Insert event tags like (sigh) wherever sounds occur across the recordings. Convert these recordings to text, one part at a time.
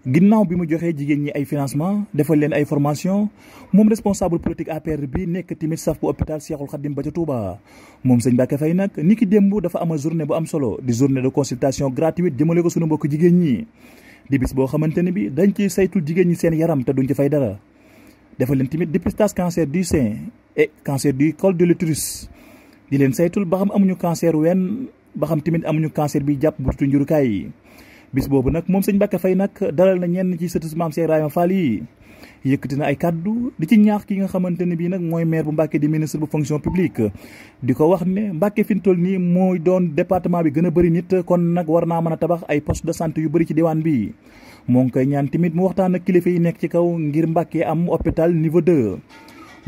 ginnaaw bi mu joxee jigéen ñi ay financement defal leen ay formation moom responsable politique APR bi nekk tamit saf bu hôpital Cheikhoul Khadim ba ca Touba moom sëñ Mbacke Faye nag ni ki démb dafa amal journée bu am solo di journée de consultation gratuite jëmale ko suñu mbokk jigéen ñi di bis boo xamante ne bi dañ ciy saytul jigéen ñi seen yaram te duñ ci fay dara defal leen tamit dépistage cancer du sein et cancer du col de l'utérus di leen saytul ba xam amuñu cancer wenn ba xam tamit amuñu cancer bi jàpp njurukaay yi bis boobu nag moom sëñ Mbacke Faye nag dalal na ñenn ci sëtu maam Cheikh Ibrahima Fall yi yëkkati na ay kaddu di ci ñaax ki nga xamante ne bii nag mooy maire bu Mbacke di ministre bu fonction publique di ko wax ne Mbacke fi mu toll nii mooy doon département bi gën a nit kon nak warna naa mën a tabax ay poste de santé yu bëri ci diwaan bi moo ngi koy ñaan tamit mu waxtaan ak kilifa yi nekk ci kaw ngir Mbacke am hôpital niveau 2.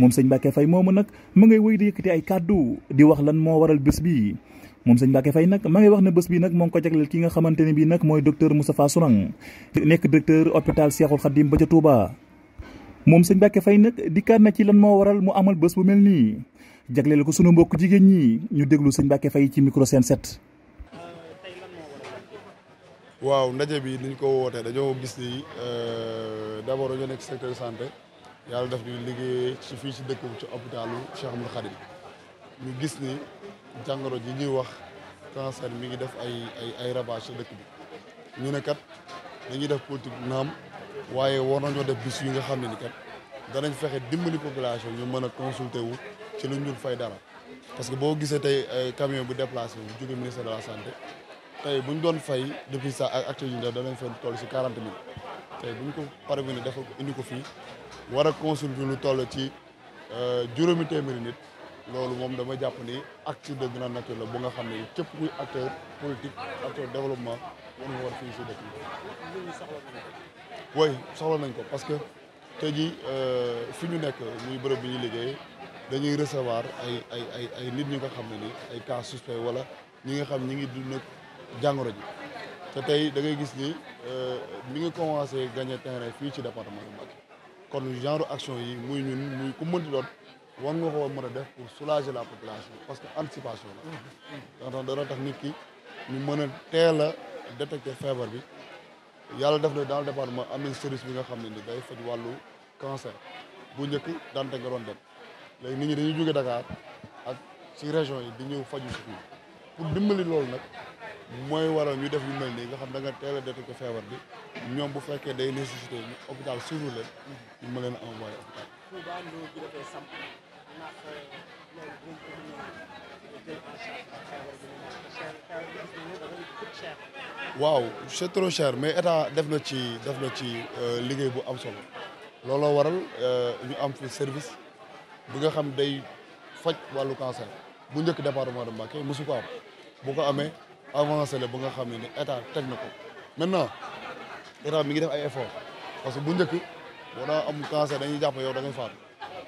moom sëñ Mbacke Faye moomu nag mu ngay wéy di yëkkati ay kaddu di wax lan moo waral bés bi moom sëñ Mbacke fay nag ma ngi wax ne bés bi nag moo ngi ko jagleel ki nga xamante ne bii nag mooy docteur Moustapha Sourang nekk directeur hôpital Cheikhoul Khadim ba ca Touba. moom sëñ Mbacke Faye nag dikkaat na ci lan moo waral mu amal bés bu mel nii jagleel ko sunu mbokk jigéen ñi ñu déglu sëñ Mbacke Faye ci micro Sen 7. waaw ndaje bi niñ ko wootee dañoo gis ni euh, d'abord dañoo nekk secteur yàlla daf ñu liggéey ci fii ci dëkk ci hôpitalu ñu gis ni. jàngoro ji ñuy wax cancer mi ngi def ay ay ay ravage sa dëkk bi ñu ne kat dañuy def politique naam waaye war nañoo def bis yu nga xam ne ni kat danañ fexe dimbali population ñu mën a consulter wu ci lu ñul fay dara parce que boo gisee tey euh, camion bu déplacé wu jóge ministère de la tey bu ñu doon fay depuis ça ak acte yu ñu def danañ si quarante mille tey bu ñu ko parvenu ko fii war a consulter lu toll ci euh, juróomi téeméeri nit loolu moom dama jàpp ni acte de grande nature la bu nga xam ne képp muy acteur politique acteur développement war nga war fii si dëkk bi. oui soxla nañ ko parce que tey jii euh, fi ñu nekk muy bërëb bi ñuy liggéey dañuy recevoir ay ay ay ay nit ñi nga xam ne ni ay cas suspect wala ñi nga xam ñi ngi du nag jàngoro ji te tey da ngay gis ni euh, mi ngi commencé gagné terrain fii ci département de Mbacké kon genre action yi muy ñun muy ku mënti doon. war nga koo mën a def pour soulager la population parce que anticipation la donc dana tax nit ki ñu mën a teel a détecter feebar bi yàlla def na dans le département am nañ service bi nga xam ne ni day faj wàllu cancer bu njëkk dante nga doon dem léegi nit ñi dañuy jóge Dakar ak ci région yi di ñëw faju si pour dimbali loolu nag mooy waral ñu def yu mel nii nga xam da nga teel a détecter feebar bi ñoom bu fekkee day nécessité ñu hôpital suivre leen ñu n leen envoyé hôpital waaw c'est trop cher mais état def na ci def na ci euh, liggéey bu am solo looloo waral euh, ñu am fi service bi nga xam day faj wàllu cancer bu njëkk département de Mbacké mosu ko am bu ko amee avancé la ba nga xam ne ni état teg na ko maintenant état mi ngi def ay effort parce bu njëkk boo daa am cancer dañuy jàpp yow da ngay faatu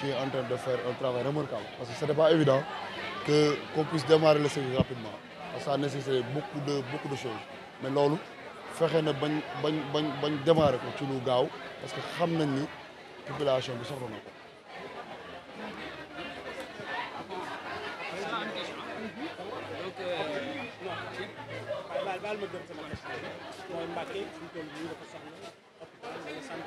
qui est en train de faire un travail remarquable. Parce que ce n'est pas évident qu'on puisse démarrer le série rapidement. ça nécessitait beaucoup de, beaucoup de choses. Mais lolo, faire démarrer ko ci lu parce que la population sant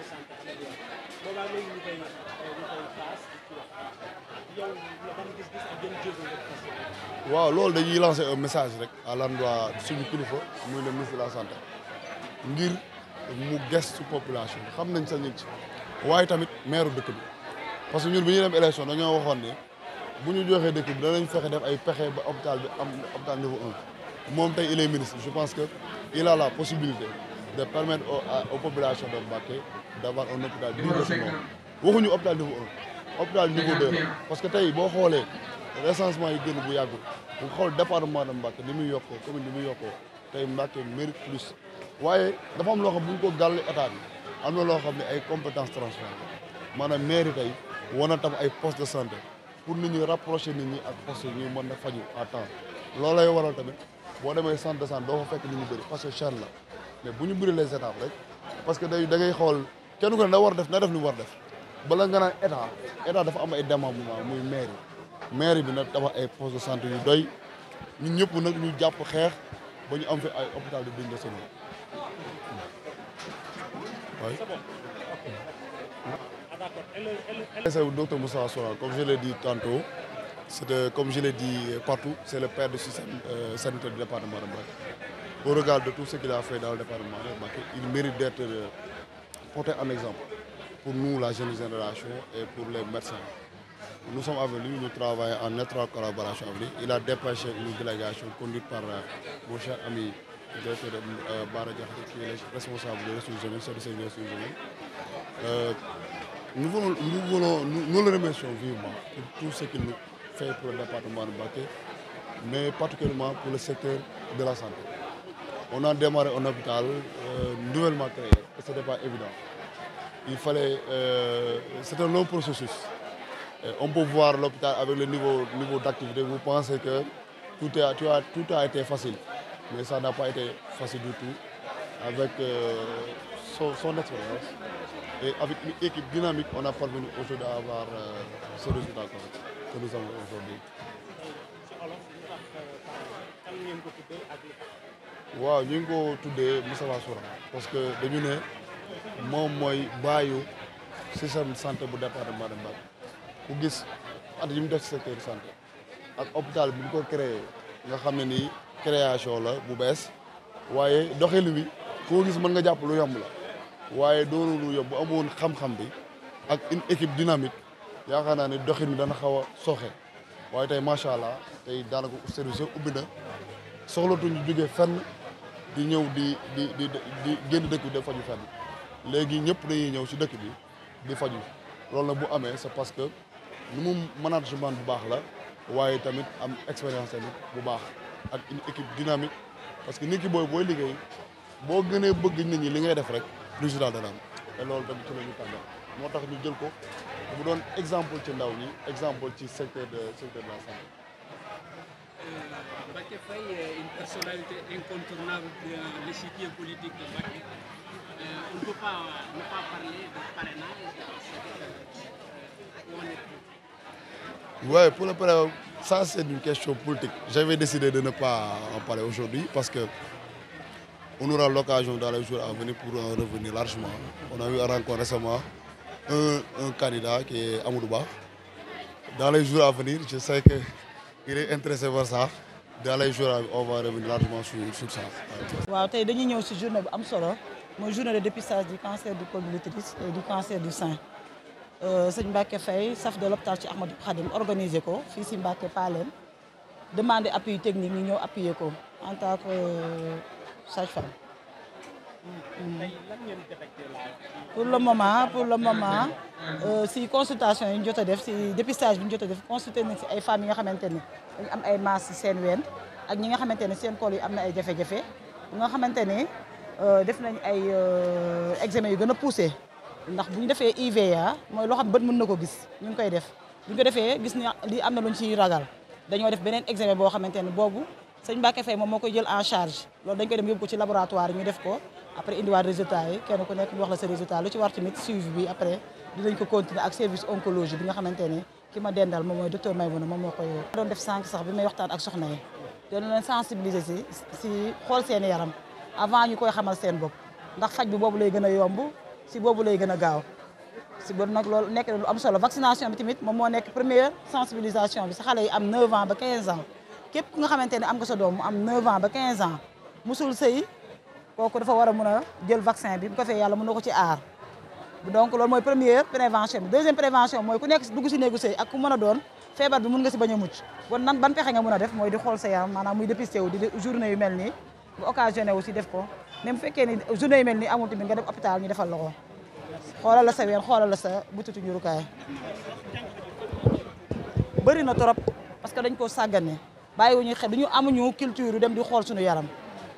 waaw loolu dañuy lancer un message rek à l'endroit suñu kilifa muy le ministre la santé ngir mu gestu population xam nañ sa ñu ci waaye tamit maire dëkk bi parce que ñun bi ñuy dem élection dañoo waxoon ne bu ñu joxee dëkk bi danañ fexe def ay pexe ba hôpital bi am hôpital niveau un moom tey il ministre je pense que il la possibilité de permettre aux, à, aux populations de Mbacké d'avoir un hôpital digne de ce nom waxuñu niveau un hôpital niveau deux parce que tey boo xoolee recensement yi génn bu yàgg bu xool département de Mbacké ni muy yokkoo commune ni mu yokkoo tey Mbacké mérite plus waaye dafa am loo bu ñu ko gàll état bi am na loo xam ne ay compétences transférées maanaam mairie tey war na tam ay postes de santé pour nit ñu rapprocher ni ñu ak postes yi ñuy mën a faju à temps loolay waral tamit boo demee fekk nit ñu mais buñu ñu brûler les étapes rek parce que day da ngay xol kenn ko na war def na def li war def bala nga na état état dafa am ay démembrement muy maire maire bi nak dafa ay poste de santé yu doy ñun ñëpp nak ñu japp xex ba ñu am fi ay hôpital de digne de ce nom oui. Docteur Moussa Sourang, comme je l'ai dit tantôt, c'est comme je l'ai dit partout, c'est le père du système euh, sanitaire du département de Mbacké au regard de tout ce qu'il a fait dans le département de Baké, il mérite d'être euh, porté en exemple pour nous, la jeune génération, et pour les médecins. Nous sommes venus, nous travaillons en étroite collaboration avec lui. Il a dépêché une délégation conduite par euh, mon cher ami directeur euh, Baradjah, qui est responsable de ressources humaines, service des ressources humaines. nous, voulons, nous, nous, nous, le remercions vivement pour tout ce qu'il fait pour le département de Baké, mais particulièrement pour le secteur de la santé on a démarré un hôpital euh, nouvellement créé ce n'était pas évident. Il fallait, euh, c'est un long processus. Euh, on peut voir l'hôpital avec le niveau, niveau d'activité, vous pensez que tout a, été facile, mais ça n'a pas été facile du tout. Avec son, expérience et avec une équipe dynamique, on a parvenu aujourd'hui à avoir ce résultat que nous avons aujourd'hui. waaw ñu ngi ko tuddee Moustapha Soura parce que dañu ne moom mooy baayu système santé bu département de Mbacké ku gis at yi mu def secteur santé ak hôpital bi ñu ko créé nga xam ne ni création la bu bees waaye doxil wi koo gis mën nga jàpp lu yomb la waaye doonu lu yomb amoon xam-xam bi ak une équipe dynamique yaakaar naa ne doxin bi dana xaw a sooxe waaye tey macha allah tey daanaka service ubbi na soxlatuñu jógee fenn. di ñëw di di di di génn dëkk bi dem faju fenn léegi ñëpp dañuy ñëw ci dëkk bi di faju loolu nag bu amee c'est parce que nu mu management bu baax la waaye tamit am expérience tamit bu baax ak une équipe dynamique parce que nit ki booy booy liggéey boo gënee bëgg nit ñi li ngay def rek résultat dana am te loolu tamit ci la ñu moo tax ñu jël ko bu doon exemple ci ndaw ñi exemple ci secteur de secteur de la santé Euh, Baké Faye est eh, une personnalité incontournable de l'échiquier politique de Baké. Eh, on ne peut pas ne pas parler de parrainage dans cette euh, Oui, pour le parrainage, ça c'est une question politique. J'avais décidé de ne pas en parler aujourd'hui parce que on aura l'occasion dans les jours à venir pour en revenir largement. On a eu un rencontre récemment un, un candidat qui est Amourouba. Dans les jours à venir, je sais que il est intéressé par ça dans les jours on va revenir largement sur ça. dépistage du cancer du col de l'utérus et du cancer du sein euh, de l'hôpital organisé appui technique en tant que euh, sage-femme pour le moment pour le moment euh, si consultation yi ñu jot def si dépistage bi ñu jot a def consulté nañ si ay femmes yi nga xamante am ay masse si seen ween ak ñi nga xamante ne seen yi am ay jafe-jafe nga xamante ne euh, def nañ ay euh, examen yu gën a poussé ndax bu ñu IVA mooy loo xam bët mën na ko gis ñu koy def bu ñu ko defee gis na li am na luñ ci ragal dañu def benen examen bo xamanteni ne boobu sëñ Mbacke Faye mom moko jël en charge loolu dañ koy dem yóbbu ko ci laboratoire ñu def ko après indiwaat résultat yi kenn ku nekk ñu wax la sa résultat lu ci war tamit suivi bi après dinañ ko continuer ak service oncologie bi nga xamante ne ma dendal moom mooy docteur Maymouna moom moo koy doon def sànq sax bi may waxtaan ak soxna yi doon leen sensibiliser si si xool seen yaram avant ñu koy xamal seen bopp ndax faj bi boobu lay gën a yomb si boobu lay gën a gaaw si boobu nag loolu nekk lu am solo vaccination bi tamit moom moo nekk première sensibilisation bi sa xale yi am 9 ans ba 15 ans képp ku nga xamante ne am nga sa doom am 9 ans ba 15 ans musul sëy kooku dafa wara mëna jël vaccin bi bu ko fee yalla mëna ko ci aar donc lool moy première prévention deuxième prévention moy ku nek dugg ci négocier ak ku mëna doon fièvre bi mëna nga ci baña mucc bon nan ban pexe nga mëna def moy di xol sa yar manam muy dépisté wu di journée yu melni bu occasionné aussi def ko même féké ni journée yu melni nii amul tamit nga dem hôpital ñu defal la ko xoolal la sa ween xoolal la sa bututu njurukaay bëri na torop parce que dañ koo sàggane bàyyiwuñu xé duñu amuñu culture yu dem di xol suñu yaram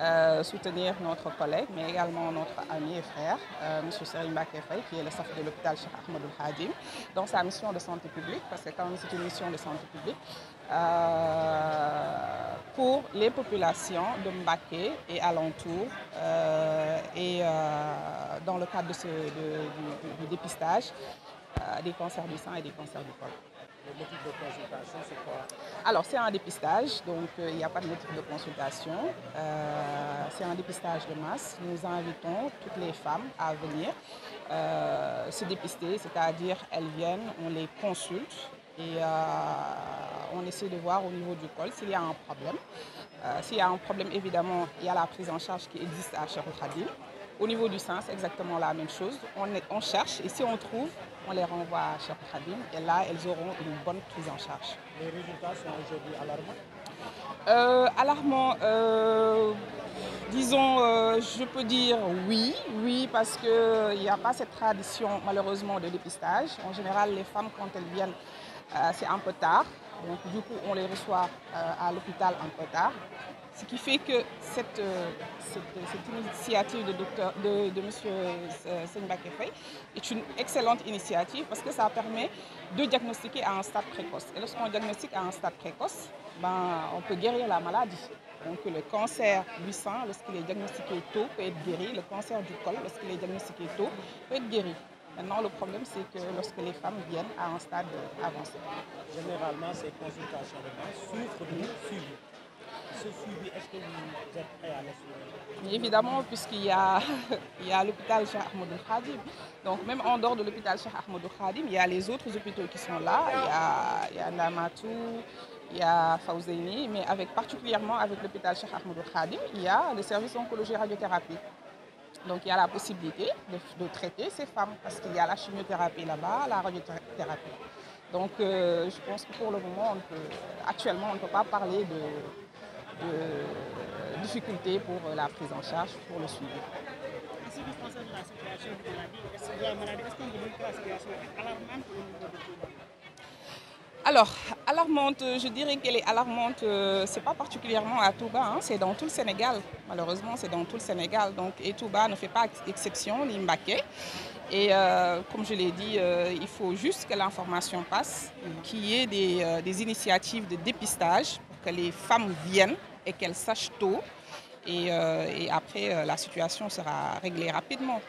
Euh, soutenir notre collègue, mais également notre ami et frère, M. Serim Bakefei, qui est le chef de l'hôpital Cheikh Ahmed Hadim, dans sa mission de santé publique, parce que quand même c'est une mission de santé publique, euh, pour les populations de Mbaké et alentour, euh, et dans le cadre de ce, du, dépistage des cancers du sang et des cancers du corps le de consultation, c'est quoi Alors, c'est un dépistage, donc euh, il n'y a pas de motif de consultation. Euh, c'est un dépistage de masse. Nous invitons toutes les femmes à venir euh, se dépister, c'est-à-dire elles viennent, on les consulte et on essaie de voir au niveau du col s'il y a un problème. s'il y a un problème, évidemment, il y a la prise en charge qui existe à Cheikh au niveau du sein, c'est exactement la même chose. On, cherche et si on trouve, on les renvoie chez Khadim. et là, elles auront une bonne prise en charge. Les résultats sont aujourd'hui alarmants euh, Alarmants, euh, disons, euh, je peux dire oui, oui, parce qu'il n'y a pas cette tradition malheureusement de dépistage. En général, les femmes, quand elles viennent, c'est un peu tard. Donc, du coup, on les reçoit à l'hôpital un peu tard. Ce qui fait que euh, euh, cette, initiative de, docteur, de, de euh, est une excellente initiative parce que ça permet de diagnostiquer à un stade précoce. Et lorsqu'on diagnostique à un stade précoce, ben, on peut guérir la maladie. Donc le cancer du sein, lorsqu'il est diagnostiqué tôt, peut être guéri. Le cancer du col, lorsqu'il est diagnostiqué tôt, peut être guéri. Maintenant, le problème, c'est que lorsque les femmes viennent à un stade avancé. Généralement, ces consultations masse souffrent de suivi est-ce que vous êtes prêts à Évidemment, puisqu'il (laughs) y a, l'hôpital Cheikh Ahmadou Khadim. Donc même en dehors de l'hôpital Cheikh Ahmadou Khadim, il y a les autres hôpitaux qui sont là. Il y a, il a Namatou, il y a Fauzeini, mais avec, particulièrement avec l'hôpital Cheikh Ahmadou Khadim, il y a le service oncologie radiothérapie. Donc il y a la possibilité de, traiter ces femmes parce qu'il y a la chimiothérapie là-bas, la radiothérapie. Donc euh, je pense que pour le moment, actuellement, on ne peut pas parler de, de euh, difficultés pour euh, la prise en charge, pour le suivi. alors, alarmante, je dirais qu'elle est alarmante, euh, c'est pas particulièrement à Touba, hein, c'est dans tout le Sénégal. Malheureusement, c'est dans tout le Sénégal. Donc, et Touba ne fait pas exception, ni Et comme je l'ai dit, il faut juste que l'information passe, qu'il y ait des initiatives de dépistage pour que les femmes viennent et qu'elle sache tôt. Et, euh, après, euh, la situation sera réglée rapidement.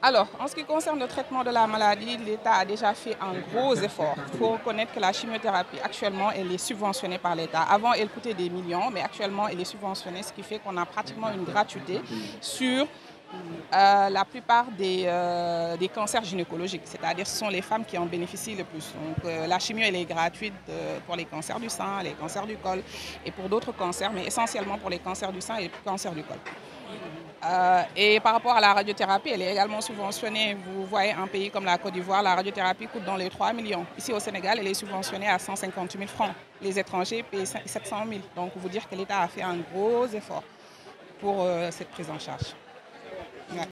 alors, en ce qui concerne le traitement de la maladie, l'État a déjà fait un gros effort. Il faut reconnaître que la chimiothérapie, actuellement, elle est subventionnée par l'État. Avant, elle coûtait des millions, mais actuellement, elle est subventionnée, ce qui fait qu'on a pratiquement une gratuité sur euh, la plupart euh, des, cancers gynécologiques, c'est-à-dire ce sont les femmes qui en bénéficient le plus. Donc, euh, la chimio, elle est gratuite pour les cancers du sein, les cancers du col et pour d'autres cancers, mais essentiellement pour les cancers du sein et les cancers du col. et par rapport à la radiothérapie, elle est également subventionnée. Vous voyez un pays comme la Côte d'Ivoire, la radiothérapie coûte dans les 3 millions. Ici au Sénégal, elle est subventionnée à 150 000 francs. Les étrangers payent 700 000. Donc vous dire que l'État a fait un gros effort pour cette prise en charge.